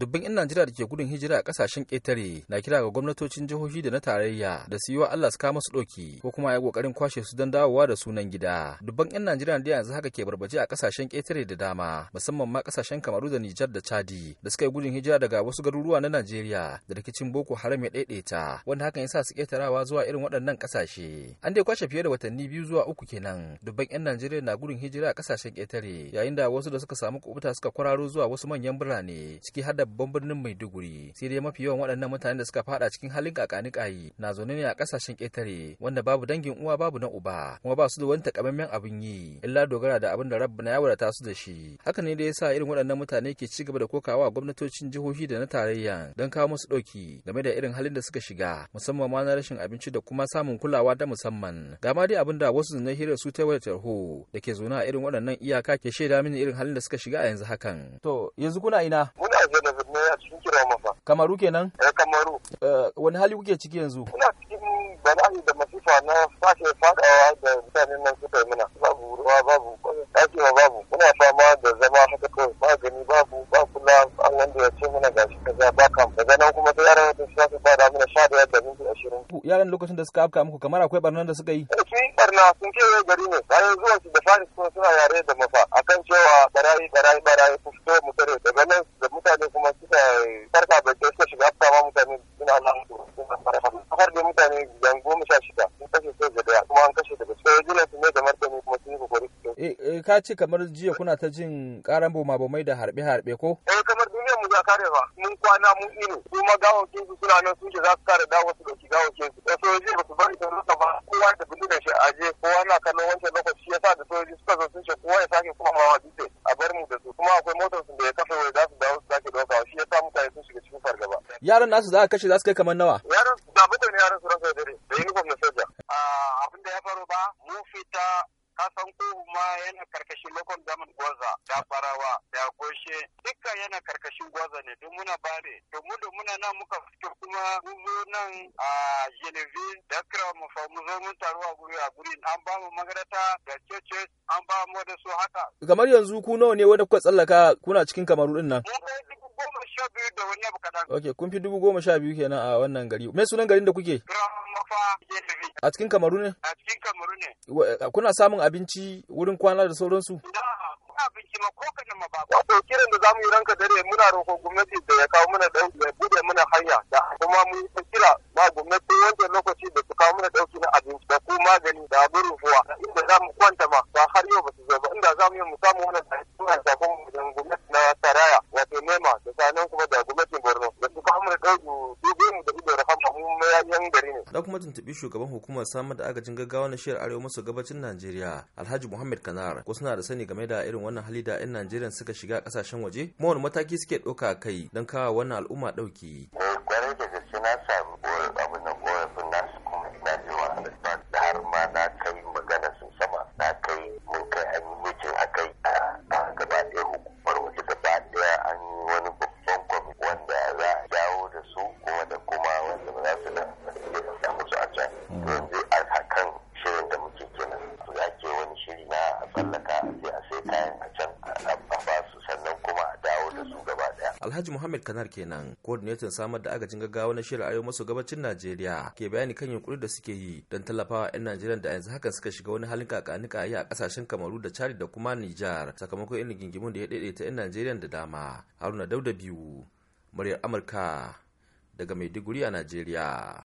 dubbin 'yan najeriya da ke gudun hijira a kasashen ƙetare na kira ga gwamnatocin jihohi da na tarayya da su yi wa allah su kama su ɗauki ko kuma ya ƙoƙarin kwashe su don dawowa da sunan gida dubban 'yan najeriya da yanzu haka ke barbaje a kasashen ƙetare da dama musamman ma kasashen kamaru da nijar da chadi da suka yi gudun hijira daga wasu garuruwa na najeriya da rikicin boko haram ya ɗaiɗaita wanda hakan ya sa su ƙetarawa zuwa irin waɗannan kasashe an dai kwashe fiye da watanni biyu zuwa uku kenan dubban 'yan najeriya na gudun hijira a kasashen ƙetare yayin da wasu da suka samu kubuta suka kwararo zuwa wasu manyan birane ciki har da babban birnin Maiduguri. Sai dai mafi yawan waɗannan mutanen da suka fada cikin halin kayi na zaune ne a ƙasashen ƙetare wanda babu dangin uwa babu na uba kuma ba su da wani takamaimen abin yi illa dogara da abin da na yawata su da shi. Haka ne da ya sa irin waɗannan mutane ke ci gaba da kokawa gwamnatocin jihohi da na tarayya don kawo musu ɗauki game da irin halin da suka shiga musamman ma na rashin abinci da kuma samun kulawa da musamman. Ga ma dai abin da wasu na hira su ta wata tarho da ke zaune a irin waɗannan iyaka ke shaida mini irin halin da suka shiga a yanzu hakan. To yanzu kuna ina? a cikin kiraman masa. Kamaru kenan? Eh Kamaru. Eh, wani hali kuke ciki yanzu? Ina cikin bala'i da masifa na sake fadawa da mutanen nan suka yi mana. Babu ruwa babu ɗakewa babu. Muna fama da zama haka kawai magani babu ba kula an wanda ya ce mana gashi kaza ba kam. Daga nan kuma ta yaran wata suka fada mana sha da yadda minti ashirin. Yaran lokacin da suka afka muku kamar akwai barnan da suka yi? Eh, sun yi barna sun kewaye gari ne. Bayan zuwa su da fari suna yare da mafa akan cewa barayi barayi barayi ku fito mu tare daga nan Eh, eh, ka ce kamar jiya kuna ta jin karan boma bomai da harbe harbe ko eh kamar duniyar mu za kare ba mun kwana mun ino kuma gawon su suna nan ce za su kare dawo su dauki gawon su da eh, sojoji ba su bari ta rusa ba kowa da bindi da shi aje kowa na kallon wancan lokaci ya sa da sojoji suka zo sun ce kowa ya sake kuma mawa dutse a bar mu da su kuma akwai motar su da ya kafa wai za su dawo su sake dauka shi ya sa mutane sun shiga cikin fargaba yaran nasu za a kashe za su kai kamar nawa yaran da mutane yaran su rasa dare da uniform na soja ah, abin da ya faru ba mu fita kasan kohu ma yana karkashin lokon gamin gwaza da barawa da goshe dukkan yana karkashin gwaza ne duk muna bare domin da muna nan muka fito kuma mun zo nan a jenevi da kira mu fa mu zo mun taru a guri a guri an ba mu magarata da cece an ba mu da su haka kamar yanzu ku nawa ne wanda kuka tsallaka kuna cikin kamaru din nan goma sha biyu Ok, kun fi dubu goma sha biyu kenan a wannan gari. Me sunan garin da kuke? Gramafa A cikin Kamaru ne? A cikin Kamaru ne. Eh, kuna samun abinci wurin kwana da sauransu? abinci ma ko kaje ma ba. Wato kiran da zamu yi ranka dare muna roƙon gwamnati da ya kawo mana dauki ya bude mana hanya da kuma mu ta kira ba gwamnati wanda lokaci da su kawo mana dauki na abinci da ku magani da abin rufuwa inda zamu kwanta ma ba har yau ba su zo ba inda zamu yi mu samu wannan da kuma da gwamnati na saraya wato nema da sanan kuma da yan gari Na kuma tuntuɓi shugaban hukumar samar da agajin gaggawa na shiyar arewa maso gabacin Najeriya Alhaji Muhammad Kanar ko suna da sani game da irin wannan hali da 'yan Najeriya suka shiga kasashen waje kuma wani mataki suke ɗauka kai don kawo wannan al'umma ɗauki. Alhaji Muhammad Kanar kenan, coordinating samar da agajin gaggawa na shirin arewa maso gabacin Najeriya ke bayani kan yunkuri da suke yi don tallafawa 'yan Najeriya da yanzu hakan suka shiga wani halin kakanika a kasashen Kamaru da Chad da kuma Nijar sakamakon irin gingimin da ya daidaita 'yan Najeriya da dama. Haruna Dauda biyu, muryar Amurka daga Maiduguri a Najeriya.